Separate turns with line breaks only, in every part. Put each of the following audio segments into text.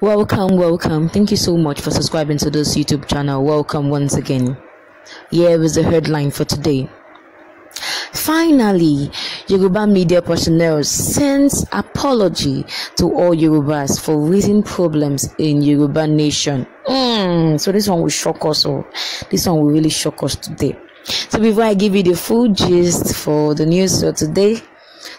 Welcome, welcome. Thank you so much for subscribing to this YouTube channel. Welcome once again. Here is the headline for today. Finally, Yoruba media personnel sends apology to all Yorubas for raising problems in Yoruba nation. Mm, so this one will shock us all. Oh. This one will really shock us today. So before I give you the full gist for the news for today,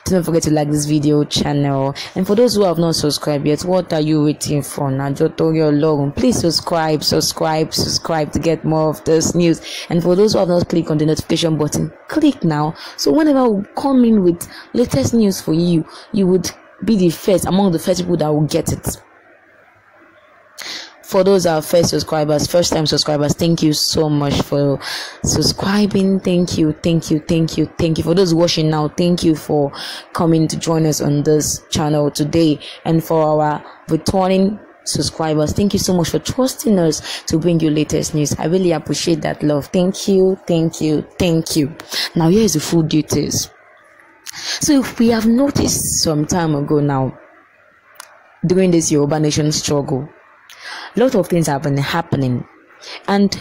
do not forget to like this video channel and for those who have not subscribed yet what are you waiting for now Lorum, please subscribe subscribe subscribe to get more of this news and for those who have not clicked on the notification button click now so whenever we come in with latest news for you you would be the first among the first people that will get it for those our first subscribers first time subscribers thank you so much for subscribing thank you thank you thank you thank you for those watching now thank you for coming to join us on this channel today and for our returning subscribers thank you so much for trusting us to bring you latest news i really appreciate that love thank you thank you thank you now here is the full details so if we have noticed some time ago now during this Yoruba nation struggle lot of things have been happening and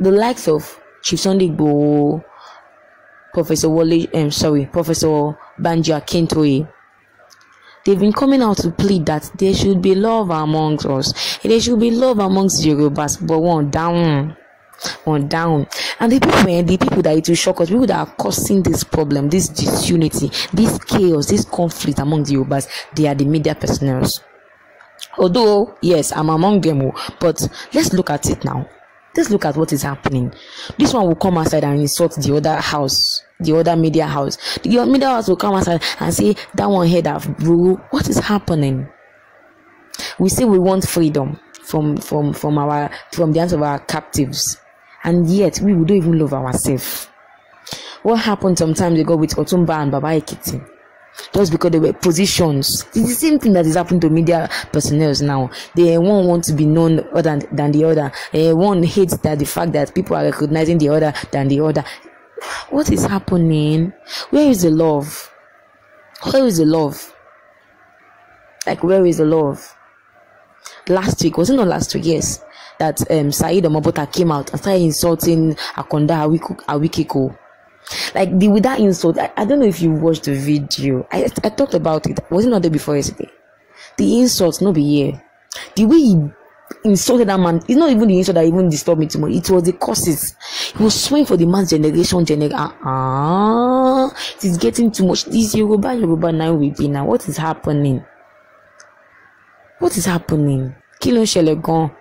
the likes of Chief Sunday Bo, Professor Wally, um, sorry, Professor Banja Akintoye, they've been coming out to plead that there should be love amongst us. There should be love amongst Yorubas, but one down, one down. And the people, eh, the people that it will shock us, people that are causing this problem, this disunity, this chaos, this conflict among the Yorubas, they are the media personnel although yes i'm among them oh, but let's look at it now let's look at what is happening this one will come outside and insult the other house the other media house the media house will come outside and say that one here that rule what is happening we say we want freedom from from from our from the hands of our captives and yet we don't even love ourselves what happened some time ago with otumba and baba ekiti just because they were positions. It's the same thing that is happening to media personnel now. They one want to be known other than the other. They eh, one hates that the fact that people are recognizing the other than the other. What is happening? Where is the love? Where is the love? Like where is the love? Last week wasn't it not last week? Yes, that um Said Omobota came out and started insulting Akonda Awikiko. Like the with that insult, I, I don't know if you watched the video. I I talked about it. Was it not there before yesterday? The insult, no be here. The way he insulted that man, it's not even the insult that even disturbed me too much. It was the curses. He was swaying for the man's generation, generation. Ah, uh-uh. it is getting too much. This Yoruba, Yoruba now will be now. What is happening? What is happening? Kilo Shelegon.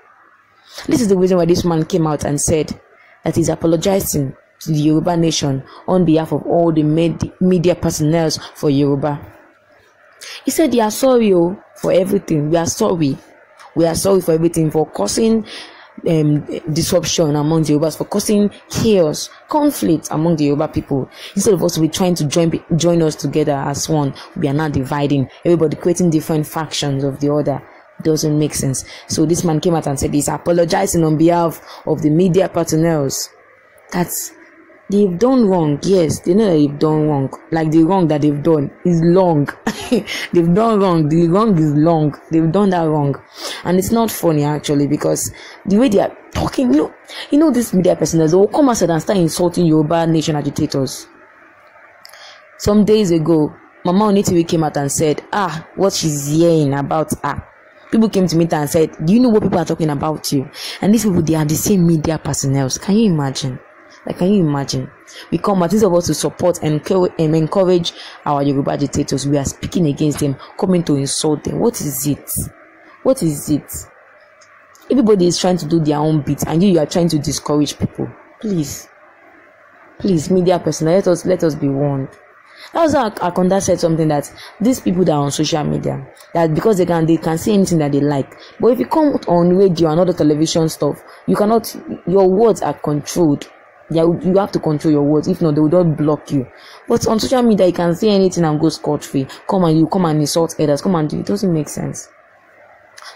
This is the reason why this man came out and said that he's apologizing to the Yoruba nation on behalf of all the med- media personnel for Yoruba. He said, "We are sorry oh, for everything. We are sorry. We are sorry for everything for causing um, disruption among the Yorubas, for causing chaos, conflict among the Yoruba people. Instead of us be trying to join join us together as one, we are now dividing. Everybody creating different factions of the other." doesn't make sense. So this man came out and said he's apologizing on behalf of the media personnel. That's they've done wrong. Yes, they know that they've done wrong. Like the wrong that they've done is long. they've done wrong. The wrong is long. They've done that wrong, and it's not funny actually because the way they are talking, you know, you know, this media personals they will oh, come outside and start insulting Yoruba nation agitators. Some days ago, Mama Onitiwe came out and said, "Ah, what she's hearing about ah." People came to me and said, "Do you know what people are talking about you?" And these people, they are the same media personnel. Can you imagine? Like, can you imagine? We come at least of us to support and um, encourage our Yoruba agitators. We are speaking against them, coming to insult them. What is it? What is it? Everybody is trying to do their own bit, and you, you are trying to discourage people. Please, please, media personnel, let us let us be warned. Also, Akonda said something that these people that are on social media, that because they can they can say anything that they like. But if you come on radio and other television stuff, you cannot your words are controlled you have to control your words. If not, they will just block you. But on social media, you can say anything and go scot free. Come and you come and insult others. Come and do it. Doesn't make sense.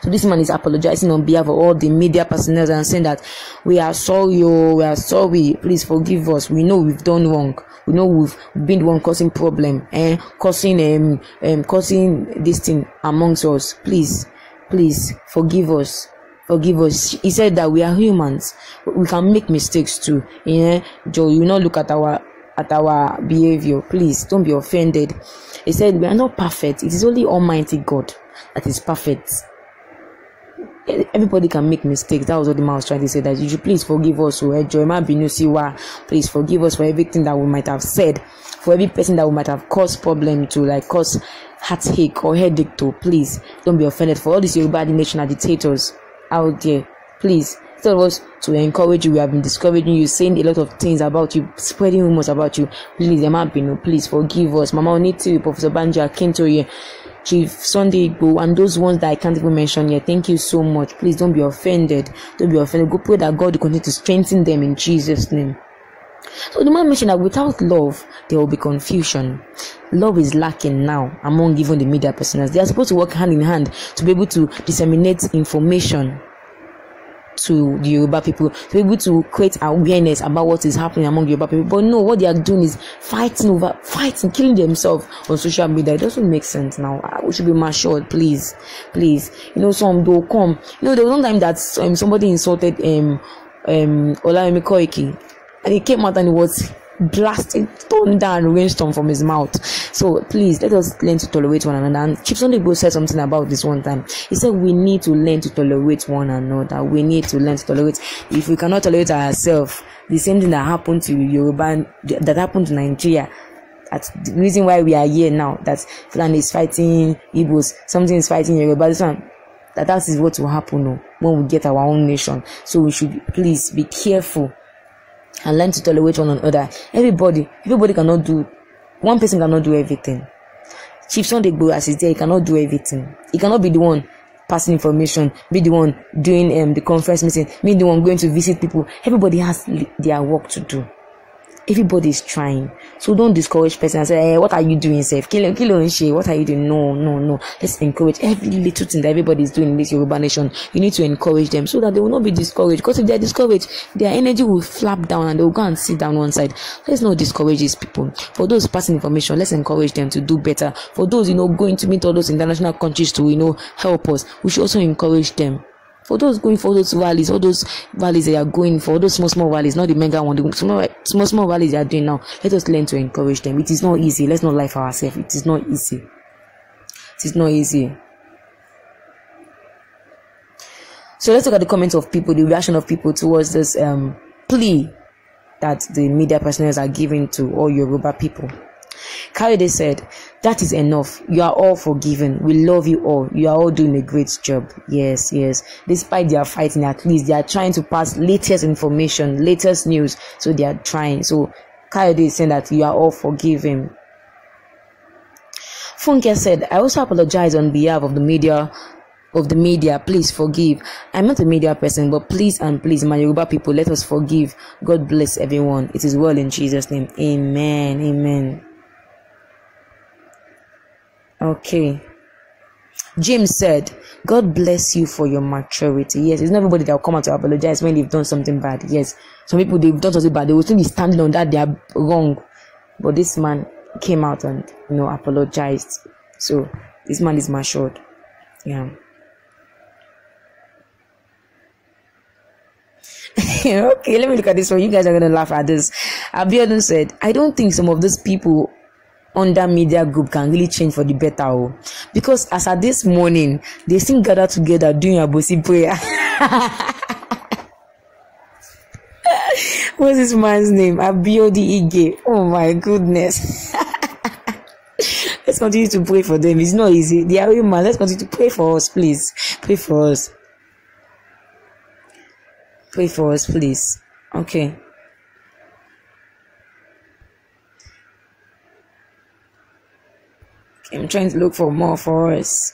So this man is apologizing on behalf of all the media personnel and saying that we are sorry, oh, we are sorry. Please forgive us. We know we've done wrong. We know we've been the one causing problem and eh? causing um, um causing this thing amongst us. Please, please forgive us forgive us. He said that we are humans. We can make mistakes too. You know, Joe, you not look at our at our behavior. Please don't be offended. He said we are not perfect. It is only Almighty God that is perfect. Everybody can make mistakes. That was what the man was trying to say. That you should please forgive us. Oh, please forgive us for everything that we might have said, for every person that we might have caused problem to, like cause heartache or headache to. Please don't be offended. For all these Yoruba nation dictators, out there. Please, tell us to encourage you. We have been discouraging you, saying a lot of things about you, spreading rumors about you. Please, Emma Bino, please forgive us. Mama Oniti, Professor Banja, Kintoye, Chief Sunday Go, and those ones that I can't even mention here. Thank you so much. Please don't be offended. Don't be offended. Go pray that God will continue to strengthen them in Jesus' name. So the man mentioned that without love, there will be confusion. Love is lacking now among even the media personals. They are supposed to work hand in hand to be able to disseminate information to the Yoruba people, to be able to create awareness about what is happening among Yoruba people. But no, what they are doing is fighting over, fighting, killing themselves on social media. It doesn't make sense now. Ah, we should be matured, please, please. You know, some do come. You know, there was one time that um, somebody insulted um um Olayemi Koiki and he came out and it was blasting thunder and rainstorm from his mouth. So please let us learn to tolerate one another. And Chief Sunday Bo said something about this one time. He said we need to learn to tolerate one another. We need to learn to tolerate. If we cannot tolerate ourselves, the same thing that happened to Yoruba that happened to Nigeria. That's the reason why we are here now. That Fulani is fighting Igbos, something is fighting Yoruba. This one, that that is what will happen oh, when we get our own nation. So we should please be careful and learn to tolerate one another. Everybody, everybody cannot do, one person cannot do everything. Chief Sunday Igbo, as is there, he cannot do everything. He cannot be the one passing information, be the one doing um, the conference meeting, be the one going to visit people. Everybody has their work to do everybody is trying so don't discourage person and say hey, eh, what are you doing self kill kill she what are you doing no no no let's encourage every little thing that everybody is doing in this yoruba nation you need to encourage them so that they will not be discouraged because if they are discouraged their energy will flap down and they will go and sit down one side let's not discourage these people for those passing information let's encourage them to do better for those you know going to meet all those international countries to you know help us we should also encourage them for those going for those valleys, all those valleys they are going for, all those small small valleys, not the mega one, the small small small valleys they are doing now. Let us learn to encourage them. It is not easy. Let's not lie for ourselves. It is not easy. It is not easy. So let's look at the comments of people, the reaction of people towards this um, plea that the media personnel are giving to all Yoruba people. Kayode said, that is enough. You are all forgiven. We love you all. You are all doing a great job. Yes, yes. Despite their fighting, at least they are trying to pass latest information, latest news. So they are trying. So Kayode is saying that you are all forgiven. Funke said, I also apologize on behalf of the media of the media, please forgive. I'm not a media person, but please and please, my Yoruba people, let us forgive. God bless everyone. It is well in Jesus' name. Amen. Amen. Okay. James said, God bless you for your maturity. Yes, it's not everybody that will come out to apologize when they've done something bad. Yes, some people they've done something bad, they will still be standing on that they are wrong. But this man came out and you know apologized. So this man is matured. Yeah. okay, let me look at this one. You guys are gonna laugh at this. Abiodun said, I don't think some of those people under media group can really change for the better oh because as at this morning they still gather together doing a abosi prayer what's this man's name abiodi ige oh my goodness let's continue to pray for them it's not easy they are human let's continue to pray for us please pray for us pray for us please okay I'm trying to look for more for us.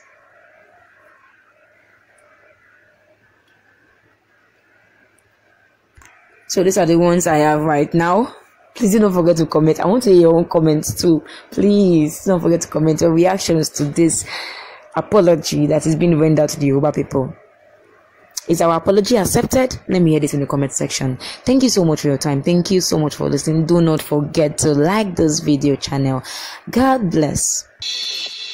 So these are the ones I have right now. Please do not forget to comment. I want to hear your own comments too. Please do not forget to comment your reactions to this apology that is being rendered to the Yoruba people. Is our apology accepted? Let me hear this in the comment section. Thank you so much for your time. Thank you so much for listening. Do not forget to like this video channel. God bless.